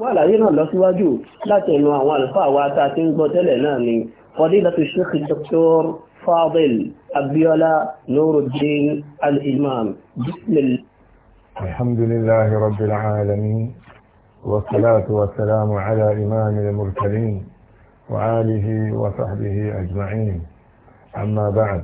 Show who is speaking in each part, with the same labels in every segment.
Speaker 1: wọ́n àlàyé náà lọ síwájú láti ẹnu àwọn àlùfáà wa tá a ti ń gbọ́ tẹ́lẹ̀ náà ni fadilatu sheikh dr fadil abiola nuruddin al-imam bismillah.
Speaker 2: alhamdulilah rabbil alamin imam al-murtalin wa alihi wa sahbihi ajma'in amma بعد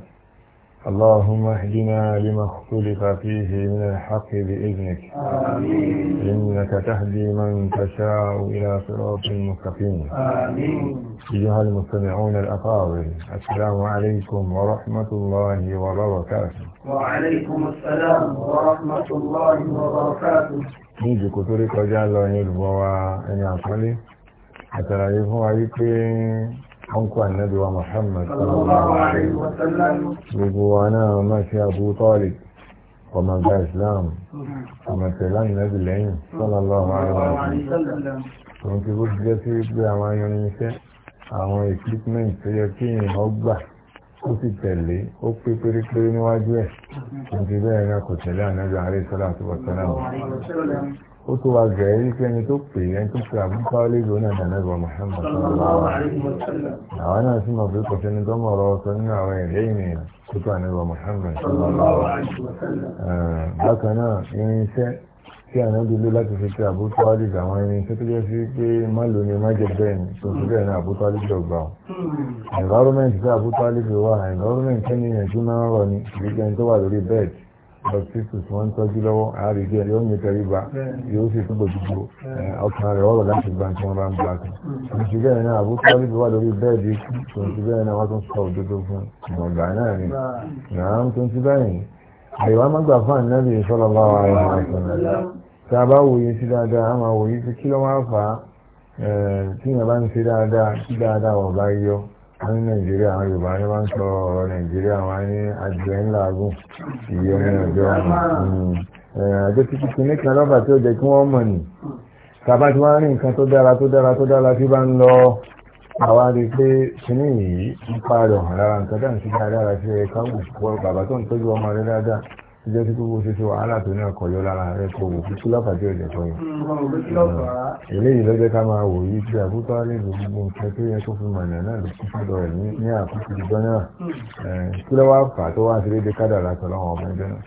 Speaker 2: اللهم اهدنا لما اختلف فيه من الحق بإذنك
Speaker 1: آمين
Speaker 2: إنك تهدي من تشاء إلى صراط مستقيم
Speaker 1: آمين
Speaker 2: أيها المستمعون الأفاضل السلام عليكم ورحمة الله وبركاته
Speaker 1: وعليكم السلام ورحمة الله وبركاته
Speaker 2: níbi kò tó rí kọjá lọ yẹn lùbọ́ wa ẹni àpọ́nlé àtàlàyé fún wa wípé ọkọ̀ ànábì wa Muhammad gbogbo wa náà máa ṣe Abu Talib ọmọ ọgbà Islam ọmọ tẹ̀lá ànábì lẹ́yìn sallallahu alaihi wasallam òun ti bó ti jẹ́ sí pé àwọn ayọniṣẹ́ àwọn equipment tó yẹ kí èèyàn gbà ó sì tẹ̀lé ó pé pérépéré níwájú ẹ̀ òun ti bẹ́ẹ̀ náà kò tẹ̀lé ànábì àárẹ̀ sọ́lá àti wọ́sọ́lá ó tó wa gẹ̀ẹ́ wípé ẹni tó pè é ẹni tó pè àbúkọ́ lébi ọ̀nà ìdánẹ́gbọ̀ Muhammad àwọn náà sì mọ̀ pé kò sẹ́ni tó mọ̀ ọ̀rọ̀ sọ nínú àwọn ẹ̀rẹ́ ènìyàn tó tó ànẹ́gbọ̀ Muhammad bákan náà irinṣẹ́ tí ànábi ló láti fi pé àbúkọ́ lébi àwọn irinṣẹ́ tó jẹ́ sí pé má lò ní má jẹ bẹ́ẹ̀ wà environment kẹ́ni baptistus wọ́n tọ́jú lọ́wọ́ àárídé yóò ní tẹríba yóò sì túbọ̀ dúdú ọkàn rẹ̀ ọ̀rọ̀ láti gba tí wọ́n bá ń gba kan oṣù mm. bẹ́ẹ̀ náà àbúkú wọn níbi wà lórí bẹ́ẹ̀dì oṣù bẹ́ẹ̀ náà wọ́n tún sọ òdodo fún ìmọ̀gbà náà ni náà ń tún ti báyìí àyíwá má gbà fún ànábì sallallahu alaihi bá wòye sí dáadáa a ní nàìjíríà àwọn yorùbá ní wọ́n ń sọ ọ̀rọ̀ nàìjíríà wọn ní àjẹ́ ńlá agún ìyẹ́ ní ọjọ́ àjọ títí kìíní kan lọ́bà tí ó jẹ́ kí wọ́n mọ̀ nì tàbá tí wọ́n rí nǹkan tó dára tó dára tó dára tí bá ń lọ àwa rí i pé kìíní yìí ń pa rẹ̀ hàn lára nǹkan dáhùn sí dáadáa sí é wù bàbá tó ń tọ́jú ọmọ rẹ̀ dáadáa jẹ́ kí gbogbo ṣe ṣe wàhálà tó ní ọkọ̀ yọ lára rẹ̀ kò wò fún kílọ̀fà tí òjò tó yẹn. eléyìí lọ́jọ́ ká máa wò yí tí àbútọ́ àlejò gbogbo nǹkan tó yẹ kó fi mọ̀nà náà ló kún fọ́dọ̀ rẹ̀ ní àkókò ìjọ náà kí ló wá fà tó wá sí léde kádà látọ̀ láwọn ọmọ ẹgbẹ́ náà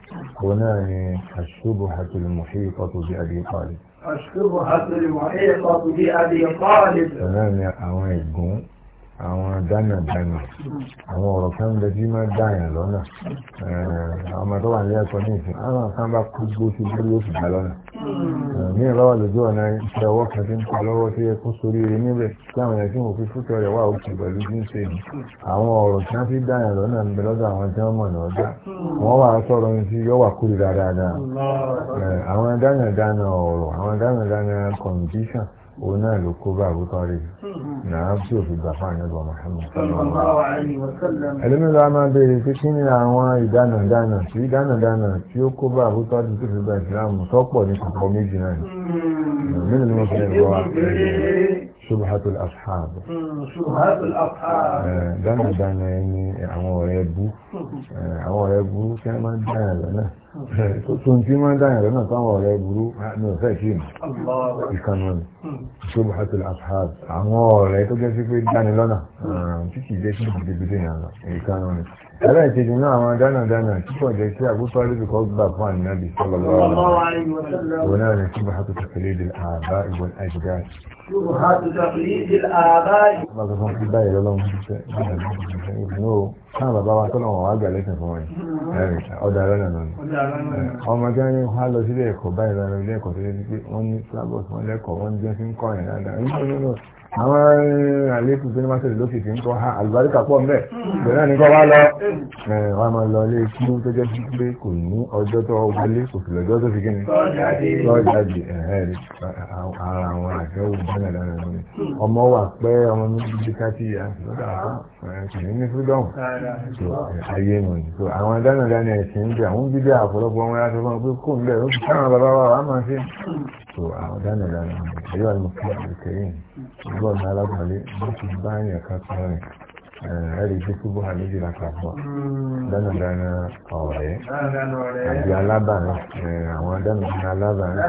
Speaker 2: òun náà ni àṣùbù hatul muhiqatu bi abi talib.
Speaker 1: àṣùbù hatul muhiqatu
Speaker 2: àwọn dánàdánà àwọn ọ̀rọ̀ kan lè fi máa dáyàn lọ́nà ọmọ tó wà ní ẹ̀kọ́ ní ìsìn àwọn kan bá kú gbó sí lórí oṣù dá lọ́nà ní ìlọ́wọ́ lójú ọ̀nà iṣẹ́ ọwọ́ kan tí ń pa lọ́wọ́ tó yẹ kó sórí eré níbẹ̀ tí àwọn ẹ̀sìn tí mo fi fúkẹ́ rẹ̀ wà òkè pẹ̀lú bí ń ṣe ní àwọn ọ̀rọ̀ tí wọ́n fi dáyàn lọ́nà ń bẹ lọ́dọ̀ àwọn tí wọ́n mọ̀ ní ọjà wọ́n ونالك بعض طريق نعم شوف الدفعان يا محمد صلى الله
Speaker 1: عليه وسلم علم الأعمال
Speaker 2: بيه كتين العواي دانا دانا شوي دانا دانا شوي كبع بطاري كيف بيه سلام صقبا ليس قومي جنان من المسلم هو شبهة الأصحاب
Speaker 1: شبهة الأصحاب دانا
Speaker 2: دانا يعني عواي يبو عواي يبو كما دانا tó ń tí máa ń dáyàn ọ̀rẹ́ burú ní ọ̀fẹ́ kí ìkànnà ní ṣubú àti àfáàbù àwọn ọ̀rẹ́ tó jẹ́ pé dáni lọ́nà tí jẹ́ sí gidigidi yàn lọ ìkànnà ní ẹ̀rọ ìkejì náà àwọn dáná dáná tí kò jẹ́ sí àbúkọ alẹ́bí kọ́ gbà fún ànínábì sọ́lọ́lọ́ Táwọn bàbá wa tọ́lọ̀ wọn wá gbà lẹ́sìn fún wọn. Ọ̀dà rẹ̀ nà nà ọmọ tí wọ́n ní wá lọ sílé ẹ̀kọ́ báyìí lọ ilé ẹ̀kọ́ tó yẹ pé wọ́n ní flagbos wọ́n lẹ́kọ̀ọ́ wọ́n jẹ́ sí ń kọ́ yẹn dáadáa àwọn eh, àlékún tó ní máa ṣẹlẹ̀ lófìsì ń kọ́ ha àlùbáríkà pọ̀ mẹ́ bẹ̀rẹ̀ ní kọ́ wá lọ eh, wá máa lọ ilé kí ó tó jẹ́ sí pé kò ní ọjọ́ tó wọlé kò sì lọ́jọ́ tó fi kí ni lọ́jáde ara àwọn àjẹwò bẹ́ẹ̀ dára ni ọmọ wà pẹ́ ọmọ mi bíbí káàtì kìíní ní freedom eh, ayé nù ní so àwọn dáná dáná ẹ̀sìn ń bẹ àwọn bíbí àpọ̀lọpọ̀ wọn láti fọ́n pé kò ń bẹ̀ ó ti sáwọn bàbá wa wà á máa ṣe so àwọn dáná dáná ẹ̀yọ́ àlùmọ̀kẹ́ bọ́ọ̀lù alágbàlẹ̀ bó ti bá yàn ká sáré ẹ̀rí tó túbọ̀ àlejò lápapọ̀ dánàdáná ọ̀rẹ́ àbí alábàárà eh, àwọn dánàdáná alábàárà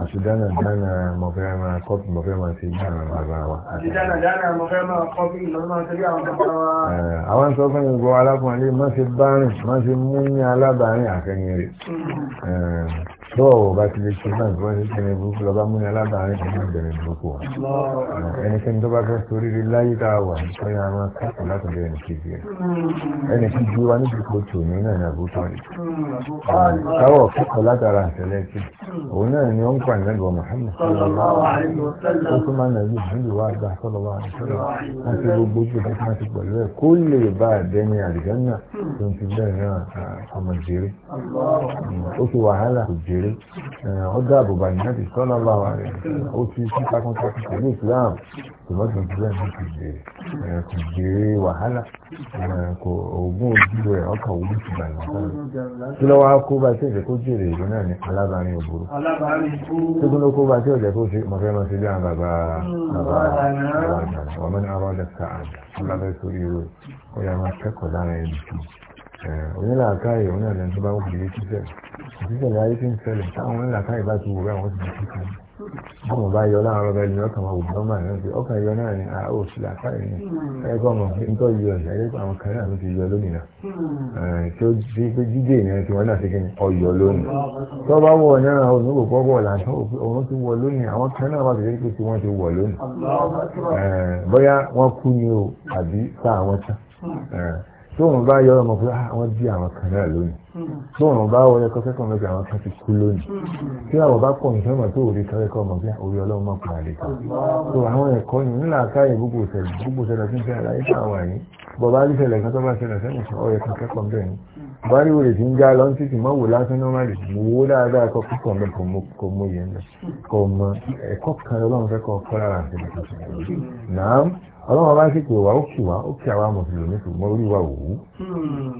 Speaker 2: àti dánàdáná mọ̀fẹ́ máa kọ́pì mọ̀fẹ́ máa ṣe bí àwọn bàbá wa.
Speaker 1: àti dánàdáná mọ̀fẹ́ máa kọ́pì mọ̀fẹ́ máa ṣe bí àwọn bàbá wa. Eh, àwọn
Speaker 2: sọ fún mi gbọ́ alákùnrin má ṣe bá rìn má ṣe mú ní alábàárìn àfẹ́yìn rẹ̀. Hmm. Eh, tó ọ̀rọ̀ bá ti lè ṣe náà bí wọ́n ṣe tẹ̀lé burúkú lọ́ba múni alábàárín ìdílé ìbẹ̀rẹ̀ burúkú wa ẹnikẹ́ni tó bá fẹ́ sórí rí láyé tá a wà nítorí àwọn akẹ́kọ̀ọ́ láti bẹ̀rẹ̀ ní kejì rẹ̀ ẹni tí gbé wa níbi kò tò ní náà ní àbútọ́ rẹ̀
Speaker 1: káwọ̀ kẹ́kọ̀ọ́
Speaker 2: látara àtẹlẹ́ tí òun náà ni ó ń pa ìlẹ́gbọ̀n Muhammad ó tún máa nàbí ìlú wa gbà sọ́lọ́ wa sọ́lọ́ wọn ti kékeré ọjọ́ àbùbà ìnáàdì sọ́nà láwa rẹ̀ ó ti sí takuntakun pẹ̀lú Islam tòmọ́tò ìjọba ìlú kò jẹ kò jèrè wàhálà kò oògùn ojú rẹ̀ ọkà òwú ti bà ní sọ́nà kí lọ́wọ́ á kó bá tẹ̀sẹ̀ kó jèrè ìlú náà ní alábàárín òbúrú tókùn ló kó bá tí ọ̀jẹ̀ kó ṣe mọ̀fẹ́ mọ̀ sí bí àwọn bàbá bàbá àwọn ọmọ náà rọ́ọ̀dẹ̀ sáà ọlọ́bẹ̀ sórí ìró ó yà máa kẹ́kọ̀ọ́ lára ẹni tó onílàákàyè òun náà lẹ́nu tó bá wù ní títẹ̀ títẹ̀ láyé tí ń ṣẹlẹ̀ táwọn onílàákàyè bá ti wù bá wọn ti di títẹ̀ bọ́mọ bá yọ láàárọ̀ bẹ́ẹ̀ ni ọkàn máa wù bọ́mọ àná pé ọkàn yọ náà ni a ah, ò sí làákàyè ni ẹ̀kọ́ ọmọ nítọ́ yọ ẹ̀yẹ́ pé àwọn kan náà ti yọ lónìí náà tí ó di pé jíjẹ ìnáyẹn tí wọ́n náà ṣe kí ni ọyọ lónìí tó bá wọ̀ náà onígbò pọ́pọ̀ làtọ́ òun ti wọ̀ lónìí àwọn kan náà wà tó ṣe pé tí wọ́n ti wọ̀ lónìí bóyá wọ́n kú ni o àbí sáà wọ́n tán tóun bá yọ ọmọ pé àwọn ah, jí àwọn kan náà lónìí tóun bá wọlé kọfẹ́ kan lọ́gbẹ̀ àwọn kan ti kú lónìí tí àwọn bá pọ̀ nìkan mọ̀ tó òde kọ́rẹ́kọ́ ọmọ bí orí ọlọ́run mọ̀ pọ̀ àlè kan tó àwọn ẹ̀kọ́ yìí ńlá káyè gbogbo ìṣẹ̀lẹ̀ gbogbo ìṣẹ̀lẹ̀ tí ń fẹ́ àlàyé fún àwọn yìí bọ̀ bá rí ìṣẹ̀lẹ̀ kan tó bá ṣẹlẹ̀ sẹ́yìn sọ ọyẹ kan kẹ́kọ̀ọ́ bẹ́ẹ̀ fẹ́ kọ́ kọ́ lára ọlọ́run bá sì pè wá ó kì wá ó kì àwa mùsùlùmí ṣùgbọ́n orí wa òwú hmm.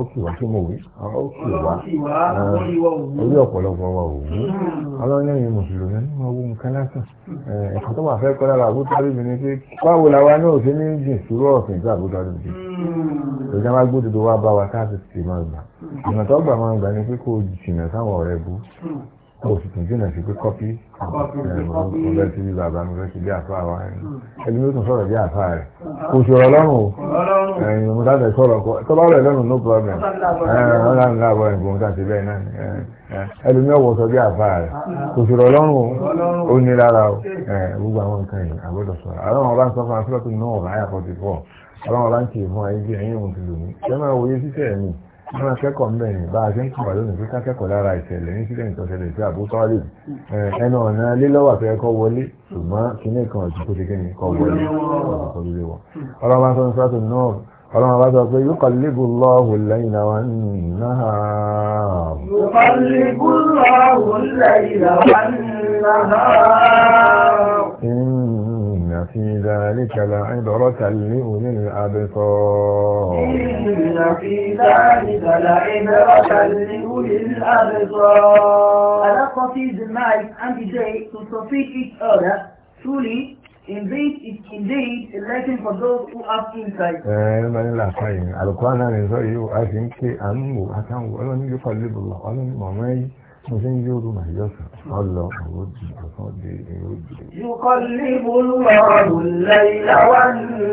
Speaker 2: ó kì wá tó mọ̀ wí ó kì wá orí ọ̀pọ̀lọpọ̀ wa òwú hmm. ọlọ́run lẹ́yìn mùsùlùmí ní wọn wú nǹkan lásán ẹ̀kọ́ tó wà fẹ́ kọ́ lára àbúta bíbi ni pé báwo làwa náà ṣe ní jìn sùúrù ọ̀sìn tí àbúta bíbi ìjọba máa gbó dodo wá bá wa káàkiri máa gbà hmm. ìmọ̀tọ́gbà máa gbà ni pé kó jìnnà sáwọn ọ̀rẹ́ bú mo sì tún jìnnà sí pé kọ́pì ọ̀rẹ́ sí bí bàbá mi fẹ́ sí bí àfa wa ẹni ló tún sọ̀rọ̀ bí àfa rẹ̀ kò sọ̀rọ̀ lọ́rùn o ẹ̀yìn mo dáadáa sọ̀rọ̀ kọ́ tọ́ba rẹ̀ lọ́rùn no problem ọ̀là ńlá àbọ̀ ẹ̀kọ́ mo tàbí bẹ́ẹ̀ náà ẹni mi ọ̀wọ́ sọ bí àfa rẹ̀ kò sọ̀rọ̀ lọ́rùn o ó ní lára o gbogbo àwọn nǹkan yìí àgbọ̀dọ̀ sọ̀rọ̀ àwọn ọba ń sọ fún asọ́tún náà ọ̀rọ̀ àyàkọ̀ ti fọ́ ọlọ́run ọba ń wọ́n akẹ́kọ̀ọ́ mbẹ̀ ni bá a ṣe ń kọ̀ lónìí fún akẹ́kọ̀ọ́ lára ìṣẹ̀lẹ̀ incident tó ṣẹlẹ̀ sí àbútọ́lì ẹnu ọ̀nà lílọ́wà fẹ́ kọ́ wọlé ṣùgbọ́n kíní kan ọ̀tún kó ṣe kí ni kọ́ wọlé ọ̀tún lé wọn. ọlọ́run bá sọ ní sọ́tún náà ọlọ́run bá sọ pé yóò kọ́ lébù lẹ́yìn náà náà. yóò kọ́ lébù lẹ́yìn في ذلك لعبرة لأولي
Speaker 1: الأبصار إن في ذلك لعبرة لأولي الأبصار Allah causes the night and the day to profit each other. Truly, indeed is indeed a lesson for those who have insight.
Speaker 2: Ẹ̀ẹ́n bá nílà fàyè, àlùkò àná sọ yìí, a sì ń ké à a kàn wò, ọlọ́ni yóò kọ́ lébùlọ̀, ọlọ́ni mọ̀mọ́ yìí mo ṣe ń yóòrò mà yọ̀sán ọlọ àwọn òdì ọ̀sán di èrò
Speaker 1: òdì. yóò lè bolú ọ̀rọ̀ lẹ́yìn àwọn nínú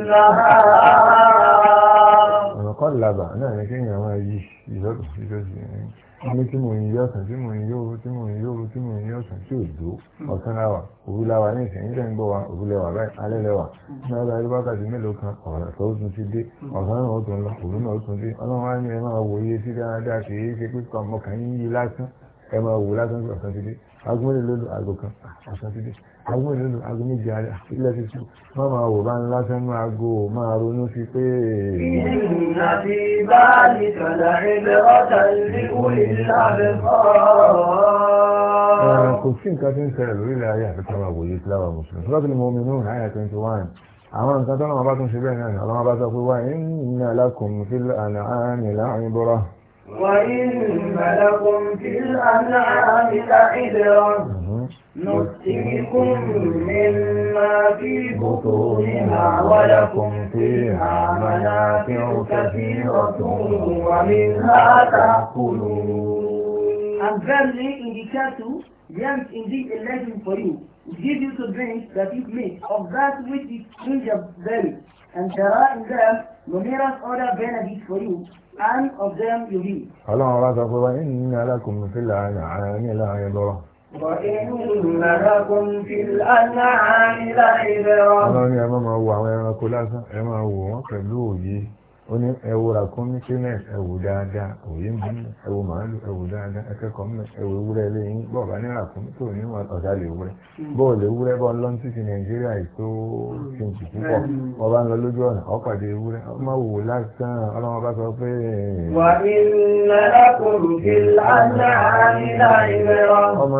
Speaker 2: ọ̀nà kọ́ làbà náà ní kéèyàn máa yí ìlọ́dún sílọ́sì ní tí mò ń yí ọ̀sán tí mò ń yóòrò tí mò ń yóòrò tí mò ń yí ọ̀sán tí ò dó ọ̀sán láwà òru láwà ní ìsẹ̀yìn lẹ́yìn gbọ́ wa òru lẹ́wà báyìí alẹ́ lẹ́wà ní ọ̀la ẹ̀rọ wákàtí mélòó kan ọ̀rọ̀ tó tún ti dé ọ̀sán náà ó tún lọ òru náà ó tún dé ọlọ́run á ní ẹ máa wòye sí dáadáa kì í ṣe pé kọ́ ọmọkàn yín yí lásán ẹ máa wò lásán sí ọ̀sán sílé aago mélòó lólu aago kan ọ̀sán sílé aago mélòó lólu aago méjì àárẹ̀ ilẹ̀ ti sùn má máa wò bá ń lásán nú aago máa ronú sí pé. ìrìnà ti bá ní kàdà ẹgbẹ́ ọ̀tá ilé ìwé ìlànà
Speaker 1: fọ́. kò
Speaker 2: sí nǹkan tí ń ṣẹlẹ̀ lórílẹ̀ ayé àfikún àwọn àwòye fúláwà mùsùlùmí sọ́dọ̀ ni mo àwọn nǹkan tó náà bá tún ṣe bẹ́ẹ̀ náà ni ọlọ́mọba sọ pé wá inna lakum fil an'ami la'ibra
Speaker 1: وإن لكم في الأنعام لعبرة نسقيكم مما في بطونها ولكم فيها منافع كثيرة ومنها تأكلون I'm verily there is indeed a legend for you, it gives you to drink that you make of that which is in your belly, and there are in them Numerous other benefits for you, and of them you read.
Speaker 2: Ọlọ́run bá sọ pé wá ní alákùnrin fílà àárín láàrin lọ́rọ̀.
Speaker 1: Ọlọ́run ni
Speaker 2: ẹ máa wo àwọn ẹranko lásán, ẹ máa wò wọ́n pẹ̀lú òye ó ní ẹwù ràkúnmí sí náà ẹwù dáadáa òye ń bínú ẹwù màálù ẹwù dáadáa ẹkẹkọọ mọ ẹwù ewúrẹ́ lẹ́yìn bọọba ní ràkúnmí tó ní ọ̀dà lè wúrẹ́ bọ́ọ̀ lè wúrẹ́ bọ́ọ̀ lọ́n títí nàìjíríà ètò tìǹtì púpọ̀ ọba ń lọ lójú ọ̀nà ọ̀pàdé ewúrẹ́ ọmọ wò lásán ọlọ́mọ bá sọ pé. wà
Speaker 1: ilẹ̀ lákòròkè lánàá nílà ìrẹ́rọ. ọmọ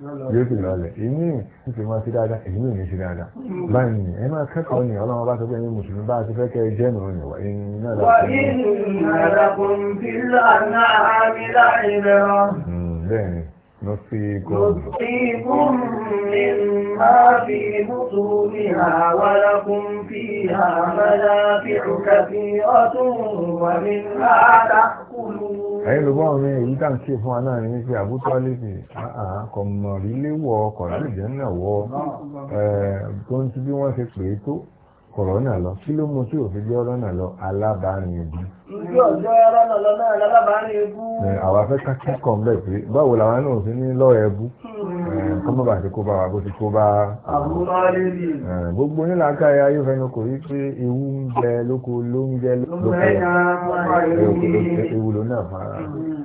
Speaker 2: yóò sì lọlẹ̀ ìmí ń sì máa sí dáadáa ìmí ń sí dáadáa báyìí ni ẹ máa kẹ́kọ̀ọ́ ni ọlọ́run bá sọ pé ẹni mùsùlùmí bá ti fẹ́ kẹ́ jẹ́ nù ní wà iná lọ. wà nínú àràkùn lọ. bẹ́ẹ̀
Speaker 1: ni mi máa fi mùtù mi àwàlàkùn fi àmàlà fi rùkà fi ọtún wà ní àdàkùlù ẹ̀yìn ló bọ́ mi
Speaker 2: èyí tá à ṣe fún wa náà ni wípé àbútọ́lẹ́sì àkọ̀mọ̀ríléwọ̀ ọkọ̀ láìjẹ́ náà wọ tó ń ti bí wọ́n ṣe pè é tó kòrónà lọ kí ló mú tí ò fi jẹ́ rọ́nà lọ alábàárin ebú.
Speaker 1: ìjọ ọjọ́ rọ́nà lọ náà lábàárin ebú. àwa fẹ́
Speaker 2: ká kẹ́kọ̀ọ́ mbẹ́ pé báwo làwọn náà sí ní lọ́ọ̀ ebú kọ́mọ́ bá ti kó bá wa bó ti kó bá. àbúrò rírì. gbogbo nílàáká ẹ ayé fẹnu kò rí pé ewu ń jẹ lóko ló ń jẹ lóko ewu ló náà fara.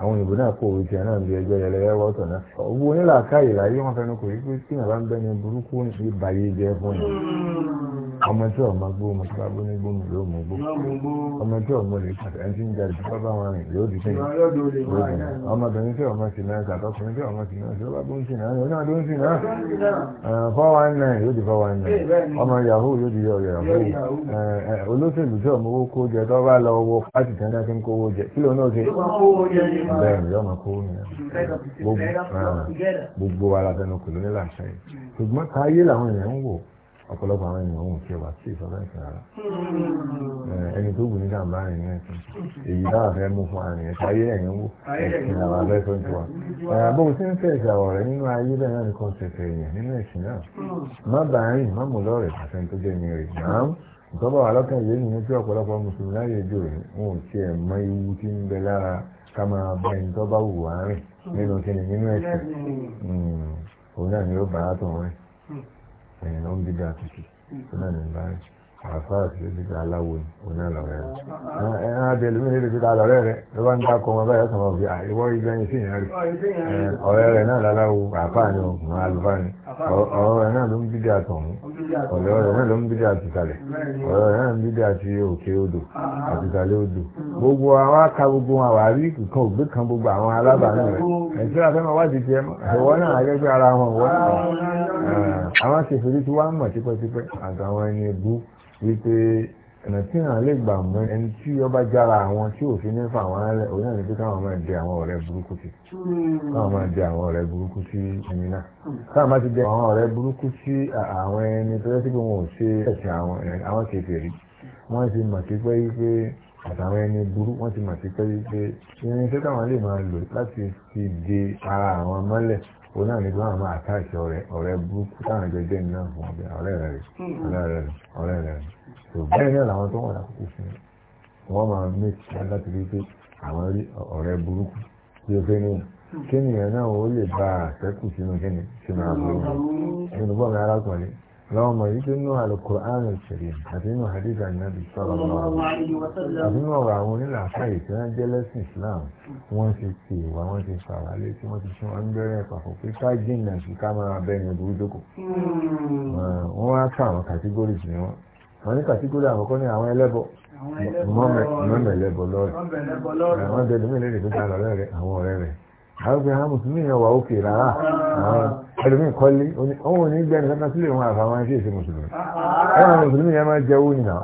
Speaker 2: àwọn òyìnbó náà kó ojú ẹ náà bí ẹgbẹ́ ẹlẹ́yẹ wọ́tọ̀ náà owó onílàákàyè láyé wọn fẹnu kò rí pé tí nàbà ń bẹ́ni burúkú ìbàyè jẹ fún yìí ọmọ tí ọmọ gbó ọmọ tí bábó ní gbó yóò mú gbó ọmọ tí ọmọ lè pàtẹ ẹni tí ń jáde tí bábá wọn rìn yóò di sẹ́yìn ọmọbìnrin tí ọmọ sì náà àtọkùnrin tí ọmọ sì náà tí ó bá bó ń sì náà yóò náà ló ń sì náà four one nine yóò di four one nine ọmọ yahoo yóò di yahoo olóṣèlú tí ọmọ owó kó jẹ tó bá lọ wọ pátì tí wọn ti ń kówó jẹ kí ló náà ṣe ni ọmọ kówó ni gbogbo wa la fẹnu kò lónìí làṣẹ ṣùgbọ́n káyé ọ̀pọ̀lọpọ̀ àwọn èèyàn òun ṣe wà sí ìfọ̀mẹ́sìn ara ẹni tó wù ní jàǹbá rẹ̀ èyí dáwà fẹ́ mú fún àrùn ẹ̀sìn ẹ̀yìn wò ẹ̀sìn àwọn abẹ́sọ̀ ti wà. bó o ti ń fẹ́ ìṣàwọ̀ rẹ̀ nínú ayé bẹ́ẹ̀ náà nìkan ṣẹ̀ṣẹ̀ èèyàn nínú ẹ̀sìn náà má bàa rìn má mú lọ́ọ̀rẹ̀ àṣẹ tó jẹ́ ní rẹ̀ náà ìtọ́ba wà lọ́kàn yìí nínú tí ọ̀pọ̀lọpọ̀ mùsùlùmí ẹ̀yìn ló ń bí dáa tuntun tó náà àfáà tí ó ti gba aláwo ni òun náà lọ rẹ rẹ ẹ ẹ á di ẹlòmíì lè fi ta lọrẹ rẹ ló bá ń dá kọ ọmọ báyọ sọmọ fi àìwọ ibẹ yẹn sì yẹn rí ọ̀rẹ́ rẹ náà láláwo àfáà ni òun àlùfáà ni ọ̀rọ̀ rẹ náà ló ń bídí àtọ̀hún ọ̀rẹ́ rẹ náà ló ń bídí àtìsàlẹ̀ ọ̀rẹ́ rẹ náà ń bídí àti òkè odò ah, ah. àtìsàlẹ̀ odò hmm. gbogbo àwọn aka gbogbo wọn wà rí kan ògbé kan gbogbo àwọn alábàánú rẹ ẹtí wàá fẹ́ máa wá ti tiẹ̀ mọ́ ìwọ náà àgẹ́gbẹ́ ara wọn wọ́n
Speaker 1: ah,
Speaker 2: àwọn àṣẹfẹ́rí tí wọ́n á wípé ọ̀nà tí àwọn lè gbà mọ ẹni tí ọba jára àwọn tí òfin ní fa àwọn alẹ́ òun náà ní pé káwọn máa di àwọn ọ̀rẹ́ burúkú sí káwọn máa di àwọn ọ̀rẹ́ burúkú sí ẹni náà káwọn máa ti di àwọn ọ̀rẹ́ burúkú sí àwọn ẹni tó yẹ sí pé wọn ò ṣe ẹ̀sìn àwọn àwọn kèfèrí wọ́n ti mọ̀ sí pé wípé àtàwọn ẹni burú wọ́n ti mọ̀ sí pé wípé irin tí káwọn lè máa lò láti fi de ara àwọn mọ́lẹ̀ òun náà ní kí wọ́n máa àtàkì burúkú táwọn jẹjẹ náà fún ọ̀bẹ ọ̀rẹ́ rẹ̀ ọ̀rẹ́ rẹ̀ ọ̀rẹ́ rẹ̀ tó bẹ́ẹ̀ náà làwọn tó wà lákòókò fún un wọ́n máa méjì láti rí pé àwọn rí ọ̀rẹ́ burúkú tí ó fẹ́ ní kéèyàn náà ó lè bá àṣẹ́kù sínú kéèyàn sínú àbúrò nínú bọ́ọ̀mù arákùnrin láwọn ọmọ yìí tó nínú alukur'an al-karim àti nínú hadith anabi sallallahu alaihi wa sallam àti nínú ọ̀rọ̀ àwọn onílàáfà yìí tí wọ́n jẹ́ lẹ́sìn islam wọ́n ti pè wá wọ́n ti fara lé tí wọ́n ti ṣe wọ́n bẹ̀rẹ̀ pàpọ̀ pé ká jìnnà sí ká máa bẹ́yìn burú dókò. wọ́n wá ká àwọn kàtígórì sí wọn wọ́n ní kàtígórì àkọ́kọ́ ní àwọn ẹlẹ́bọ mọ́mọ́ ẹlẹ́bọ lọ́rẹ̀ àwọn bẹ̀rẹ̀ mí ẹlòmí kọ́lé òun ò ní gbẹ́ni kankan sílé wọn àfàwọn ẹṣẹ́ ìṣe mùsùlùmí ẹ̀wọ̀n mùsùlùmí yẹn máa jẹ owó nìyà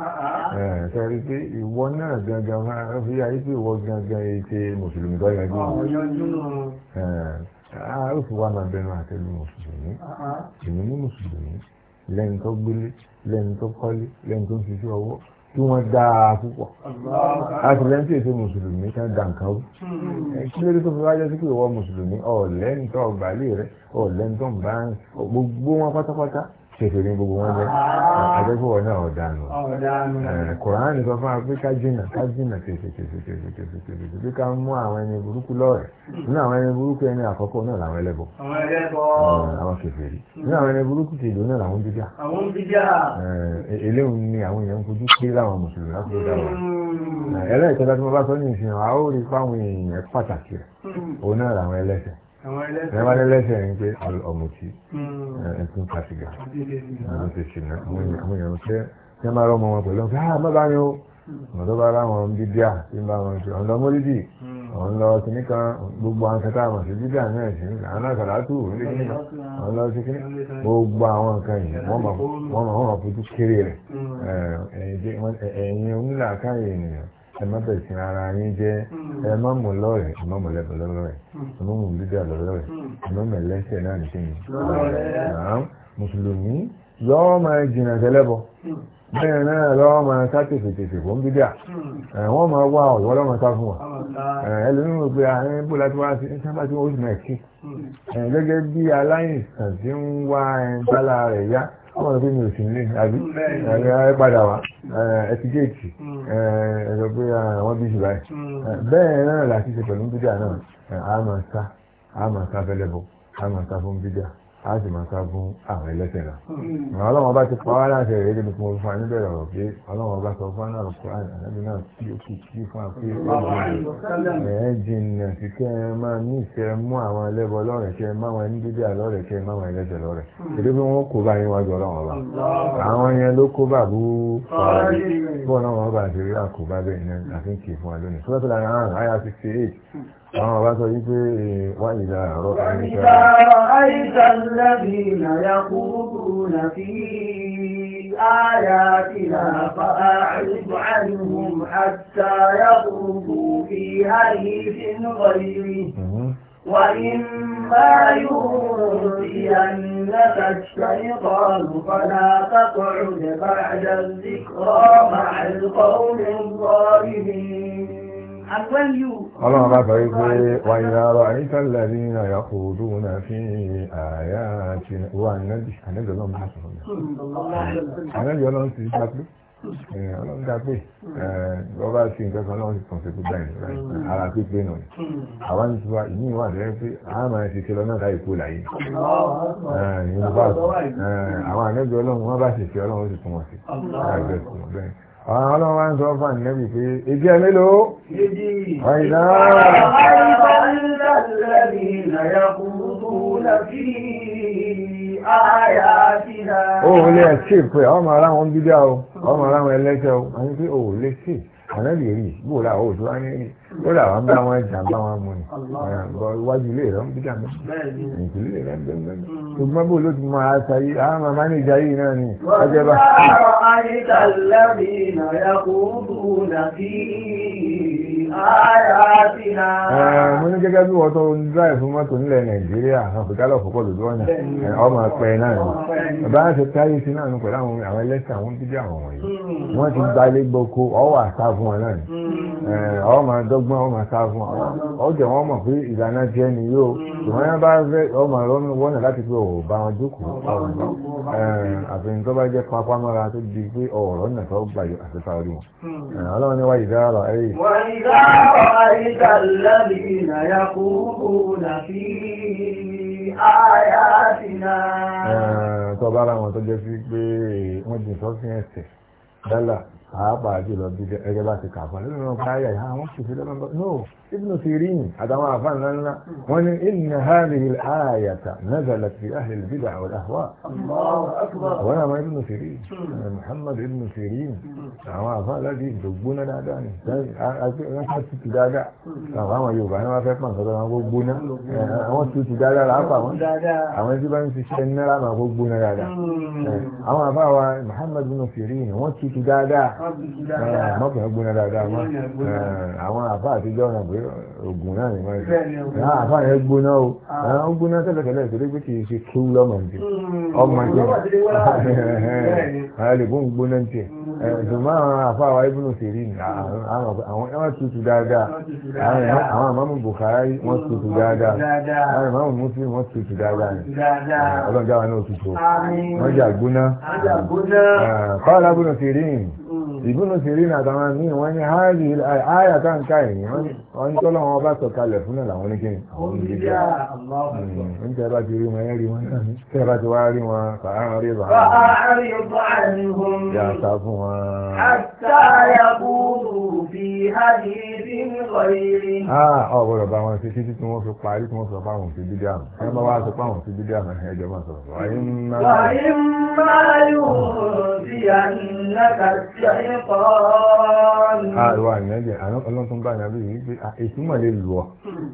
Speaker 2: sọ̀rọ̀ pé ìwọ náà gangan máa fi ayé pé ìwọ gangan ètè mùsùlùmí tó yẹn dúró ó fi wá máa bẹnu àtẹnu mùsùlùmí èmi ní mùsùlùmí lẹ́ni tó gbélé lẹ́ni tó kọ́lé lẹ́ni tó ń ṣiṣẹ́ ọwọ́ tí wọ́n dáa púpọ̀ àtìlẹ́yìn tí èso mùsùlùmí kan dà nǹkan ó hmm. kí lórí tó fi wá jẹ́ sí pé ìwọ mùsùlùmí ọ̀lẹ́ni tó ọgbà lé rẹ ọ̀lẹ́ni tó ń bá gbogbo wọn pátápátá kékeré gbogbo wọn jẹ́ ah. àjẹ́gbọ̀wọ̀ náà ọ̀dànù eh, kòránì sọ fún apé ká jìnà ká jìnà tètètètètètètè bí ká mú àwọn ẹni burúkú lọ́rẹ̀ nínú àwọn ẹni burúkú ẹni àkọ́kọ́ náà làwọn ẹlẹ́bọ àwọn kékeré nínú àwọn ẹni burúkú kèlò náà làwọn bíbíà eléhùn ni àwọn èèyàn kojú pé láwọn mùsùlùmí lákòókò dáwọn ẹlẹ́ẹ̀kẹta tí wọ́n bá sọ ní ìfihàn àwọn òrìpáwọn èèyàn pàtàkì rẹ̀ òun náà làwọn ẹlẹ́sẹ̀ ẹ̀wọ̀n ẹlẹ́sẹ̀ hmm. ń pé ọ̀mùtí ẹ̀tún pàṣígà àwọn ti ṣìnà àwọn èèyàn tẹ́ tẹ́ máa rọ́mọ wọn pẹ̀lú ọ̀gá àmọ́ ah, bá ní o hmm. ọ̀dọ́ bá láwọn bíbíà tí ń bá wọn ṣe ọ̀nà mọ́lídì hmm. ọ̀nà kìíní kan gbogbo àwọn kẹta àmọ̀ sí bíbíà náà sí àná kàlátù oníkìíní ọ̀nà sí kìíní gbogbo àwọn nǹkan yìí wọ́n máa fojú kéré rẹ̀ ẹ̀yìn onílà ẹ má bẹ̀rẹ̀ sí ara yín jẹ́ ẹ má mú lọ́rẹ̀ ẹ má mú lẹ́bù lọ́rẹ̀ ẹ má mú bídà lọ́rẹ̀ ẹ má mú ẹlẹ́sẹ̀ náà ní kíni. mùsùlùmí lọ́wọ́ máa jìnnà tẹ́lẹ́bọ bẹ́ẹ̀ náà lọ́wọ́ máa sá tèfètèfè fún bídà wọ́n máa wá ọ̀yọ́ lọ́mọ sá fún wa ẹlòmíràn rò pé àárín bó láti wá sí sábà tí wọ́n ó sì máa kí gẹ́gẹ́ bí aláìsàn tí ń wá ẹ̀ bá lára rẹ̀ yá wọ́n rẹ̀ pé mi ò sí nílé àbí ẹ padà wá ẹ ti géètì hmm. ẹ lọ pé àwọn bí ṣùgbọ́n bẹ́ẹ̀ náà làti ṣe pẹ̀lú bídíà náà a máa sá a máa sá fẹ́lẹ́ bọ̀ a máa fún bídíà a sì máa ká gún àwọn ẹlẹ́sẹ̀ rà. ọlọ́run ọba ti pa wá láti ẹ̀rẹ́ débi tí mo fún wa níbẹ̀rẹ̀ ọ̀rọ̀ pé ọlọ́run ọba sọ fún náà kó ànábi náà kí ó kí kí fún wa pé ẹ̀ jìnnà sí kẹ́ ẹ máa ní ìfẹ́ mú àwọn ẹlẹ́bọ lọ́rẹ̀ kẹ́ ẹ má wọn ní dídí àlọ́rẹ̀ kẹ́ ẹ má wọn ẹlẹ́sẹ̀ lọ́rẹ̀. èdè bí wọ́n kó bá yín wájú ọlọ́run ọba àwọn yẹn ló kó bá bú bọ́ọ̀lọ́run ọba àti rí àkóbá bẹ́ẹ̀ ni àfi ń kì í fún wa lónìí àwọn ọba sọ wípé wá ìdá àrọ́
Speaker 1: آياتنا فأعرض عنهم حتى يخرجوا في حديث غيره وإما ينسينك الشيطان فلا تقعد بعد الذكرى مع القوم الظالمين ọlọ́run bá sọ wípé wàyíláàrọ̀
Speaker 2: àyíkàlẹ̀ ní àyà kò dùn náà fi àyà àti wà nẹ́bì ànẹ́bì ọlọ́run bá sọ
Speaker 1: ọ́nà ànẹ́bì ọlọ́run ti gbà pé
Speaker 2: eh, ọlọ́run gbà pé wọ́n eh, bá ti nǹkan kan ọlọ́run ti kàn sí gbogbo ẹ̀ ara pípé nù ni àwọn ti wá ìní ìwà rẹ̀ pé a máa ti ṣe lọ́nà táyì kú láyé eh, àwọn ànẹ́bì ọlọ́run wọ́n bá sì ṣe ọlọ́run sì tún wọn sí àwọn ọlọ́wọ́ ń sọ fún ànẹ́bì pé ìdí ẹ mélòó ọ̀ìdá ó lè ṣe pé ọmọ aláwọn bídá o ọmọ aláwọn ẹlẹ́ṣẹ̀ o àti pé ó lè ṣe ànábì rí bó la ó tó wá ní rí ó là wá ń bá wọn jà bá wọn mu ni bọ iwájú ilé rẹ ń bí jàmbá ìdílé rẹ ń bẹ ń bẹ ṣùgbọ́n bó ló ti mọ àṣàyí àwọn màmá ní ìjà yìí náà ni ọjọ́ wọ́n á rí
Speaker 1: tàlẹ́ náà yà kó dùn nàbí mo
Speaker 2: ní gẹ́gẹ́ bí wọ́n tó ń drive fún mọ́tò nílẹ̀ nàìjíríà àfikálọ̀ fọ́pọ̀ lójú ọ̀nà ọmọ pẹ́ náà ni bàbá náà ti táyé sí náà pẹ̀lú àwọn àwọn ẹlẹ́sìn àwọn bíbí àwọn
Speaker 1: wọ̀nyí hmm. wọ́n ti gbalé
Speaker 2: gboko ọwọ́ àṣà fún wọn náà ni ọmọ hmm. dọ́gbọ́n ọmọ àṣà fún wọn ọjọ́ wọn mọ̀ pé ìlànà tiẹ̀ ni yóò ìwọ́n hmm. yẹn bá fẹ́ ọmọ lọ́nà wọ́nà láti fi ọ̀rọ̀ bá wọn jókòó ọ̀rọ̀ àfihàn tó bá أرأيت
Speaker 1: الذين يقولون في آياتنا
Speaker 2: tọ́bára wọn tó jẹ́ sí pé wọ́n jìn sọ́sìn ẹ̀sẹ̀ dálà pàápàá jùlọ bí ẹgbẹ́ bá ti kàfà nínú ọ̀nà káyà ìhà wọn sì fi lọ́nà bá no ibn sirin àtàwọn àfáàn ńlá ńlá wọn ni inna hadhihi al-ayata nazalat fi ahli al-bid'ah wal ahwa' àwọn àmọ́ ibn sirin muhammad ibn sirin àwọn àfáàn láti ìdògbóná dáadáa ni wọ́n ká tutù dáadáa àwọn àwọn yorùbá ni wọ́n fẹ́ pàǹsọ́ lọ́wọ́ wọn kó gbóná àwọn tutù dáadáa làápà wọn àwọn tí bá ń ṣiṣẹ́ náírà máa kó gbóná dáadáa
Speaker 1: hmm.
Speaker 2: àwọn àfáà wa muhammad ibn sirin wọ́n tutù dáadáa
Speaker 1: mọ́kàn ah, gbóná dáadáa mọ́ eh,
Speaker 2: àwọn àfá àtijọ́ ọ̀nà pé ògùn náà ni wọ́n ṣe ah, àfá yẹn gbóná o ah. ó gbóná tẹ́lẹ̀tẹ́lẹ̀ ìṣẹ́lẹ̀ pé kìí ṣe kí lọ́mọ ní ọmọ ní ọ̀hún ẹ̀ẹ́dẹ̀gbọ́n gbóná ní tiẹ̀ àwọn àfá wa ibùdó sèrí ni àwọn ẹ̀wọ̀n hmm. eh, hmm. tutù dáadáa àwọn àmọ́mù Bukhari wọ́n tutù hmm, dáadáa àwọn àmọ́mù Muslim wọ́n tutù dáadáa eh, ọlọ́jà wa náà tutù
Speaker 1: wọ́n
Speaker 2: ìbúnú sí rí nà àtàwọn míì wọ́n ní ááyì ááyà tá n ká ẹ̀yìn wọ́n ní tọ́lọ́ wọn bá fún náà làwọn oníkẹ́yìn. àwọn hmm, bá ti rí wọn ẹ́ rí wọn náà tẹ́ bá ti wá rí wọn fàárọ̀ rí bàá. fàárọ̀
Speaker 1: bá ní hom. yà á sá fún wọn. àtàyà kúrú fi hàdí bí mi kọ a ọ
Speaker 2: gbọ́dọ̀ bá wọn ṣe títí tí wọn fi parí tí wọn sọ fáwọn fi dídí àmì ẹ bá wá sọ fáwọn fi dídí àmì ẹ jọ máa sọ
Speaker 1: ṣẹ́tọ́ọ̀nù. àìwá
Speaker 2: ìnáyẹ ọlọ́run tó ń bá ìnáyẹ yìí pé ah, èsì mọ̀ lè lù ọ́. Hmm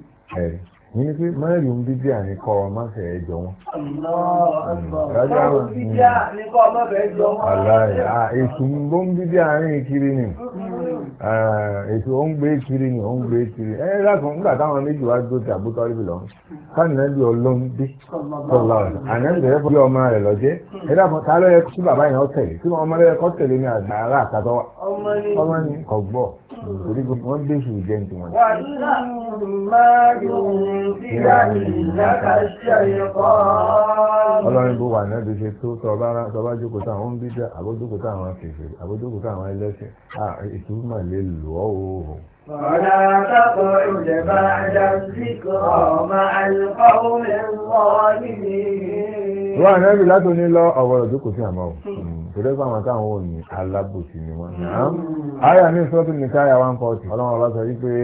Speaker 2: ní pé máàlì ń bíbí àní kọ́ ọ má fẹ́ jọ wọn.
Speaker 1: rájá wọn aláì
Speaker 2: èsù ló ń bíbí àárín kiri ni mm. èsù ó ń gbé kiri ni ó ń gbé kiri ẹ lákùn nígbà táwọn méjì wá dó ti àbútọ́ rí lọ kánìlẹ́ bí ọlọ́run dé tọ́lá ọ̀sán àná ìbẹ̀rẹ̀ fún bí ọmọ rẹ̀ lọ́jẹ́ ẹ dákun ta ló yẹ kí bàbá yẹn ó ni kò gbọ́ torí wọ́n dé sùn jẹ́ ní tiwọn.
Speaker 1: wàhálà máa ọlọ́run
Speaker 2: bó wà nábì ṣe tó tọba jókòtà àwọn ń bíjà àbójókòtà àwọn akẹfẹ àbójókòtà àwọn ẹlẹ́sìn ìtumọ̀ lè lò ó o.
Speaker 1: Ọ̀la àkọ́kọ́ ìjẹ̀ bá dá sí ọmọ àlùkọ́wọ́ ẹ̀wọ̀n níbi. Wọ́n ànábì
Speaker 2: látòní lọ ọ̀wọ́rọ̀ jókòó sí àmọ́ o. Tòdẹ́ fún àwọn táwọn òní alábòsí ni wọ́n. Hmm. Àyà ní sọ́tún ní káyà one Ọlọ́run ọba sọ wípé.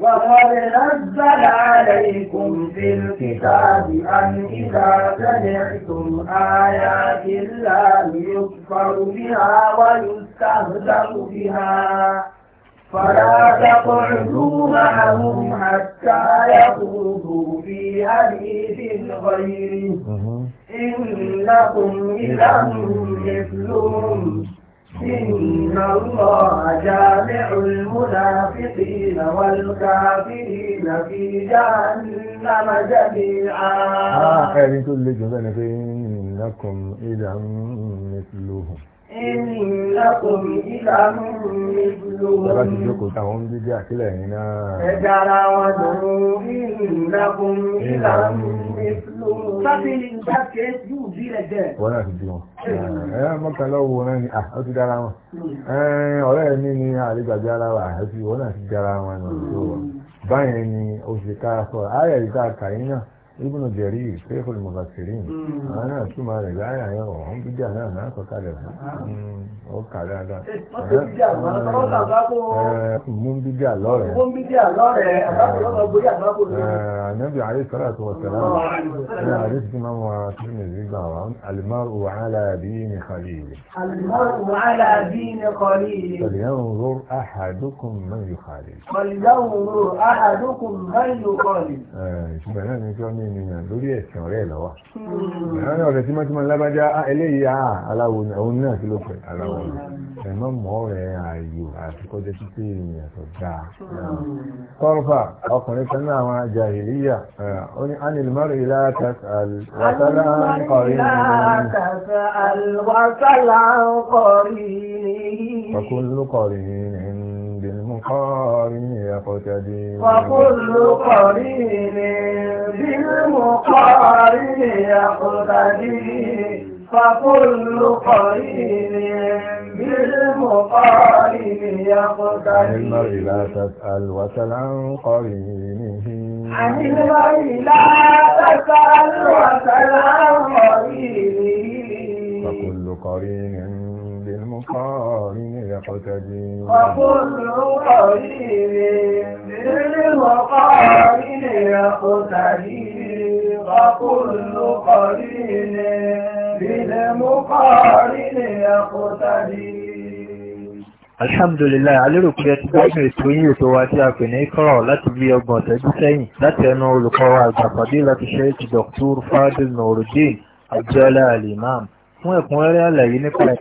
Speaker 1: وقد نزل عليكم في الكتاب أن إذا سمعتم آيات الله يكفر بها ويستهزأ بها فلا تقعدوا معهم حتى يخوضوا في حديث غيره إنكم إذا مثلهم إن الله جامع المنافقين والكافرين في جهنم جميعا
Speaker 2: آخر كل جبل فإنكم إذا مثلهم
Speaker 1: Bàbá ti jókòó
Speaker 2: táwọn dídí àkílẹ̀ yìí náà. Ẹ
Speaker 1: wọn lòun ní náà Ẹ
Speaker 2: mọ́ta wọn. Ọ̀rẹ́ mi ni àrígbàgbé ara wa àti wọ́n náà ti dára wọn. Hmm. Báyẹn ni oṣù ká sọ, ابن جرير شيخ المفسرين انا شو ما لا يا هم بيجانا انا فكر وقع لا لا من بيجا لوري من
Speaker 1: بيجا لوري
Speaker 2: النبي عليه الصلاة والسلام أنا عرفت إمام الترمذي قال المرء على دين خليله
Speaker 1: المرء على دين خليله
Speaker 2: فلينظر أحدكم من يخالل
Speaker 1: فلينظر أحدكم من يخالل
Speaker 2: شو بنان يقول ènìyàn lórí ẹ̀sìn ọ̀rẹ́ lọ́wọ́ láàárín hmm. ọ̀rẹ́ tí mọ́tí máa lábájá ah, eléyìí à ah, aláwo ni àwọn náà kí ló pẹ̀ aláwo ni hmm. ẹ̀ má mọ́ ọ̀rẹ́ ààyò àti kọjá títí ènìyàn tó dáa. Hmm. kọ́rọ̀fà ọkùnrin kan náà àwọn jàhìlíyà eh, ó ní anilmọ́rì ìlàtà wàtálà ń kọrí nìyẹn. ọkùnrin ló kọrí nìyẹn. بالمقارن يقتدي وكل قرين
Speaker 1: بالمقارن يقتدي فكل قرين بالمقارن يقتدي المرء
Speaker 2: لا تسأل وسل عن قرينه
Speaker 1: عن المرء لا تسأل وسل عن قرينه
Speaker 2: فكل قرين بالمقارن يقتدي
Speaker 1: وكل قرين بالمقارن يقتدي وكل قرين بالمقارن يقتدي alhamdulillah alérò pé ẹtí gbọ́dọ̀ ètò yìí ètò wa tí a pè ní kọ́rọ̀ láti bí ọgbọ̀n ìtẹ́jú sẹ́yìn láti ẹnu olùkọ́ àgbà pàdé láti ṣe ti dr fadil nurudeen abdullahi alimam fún ẹ̀kúnrẹ́rẹ́ àlàyé nípa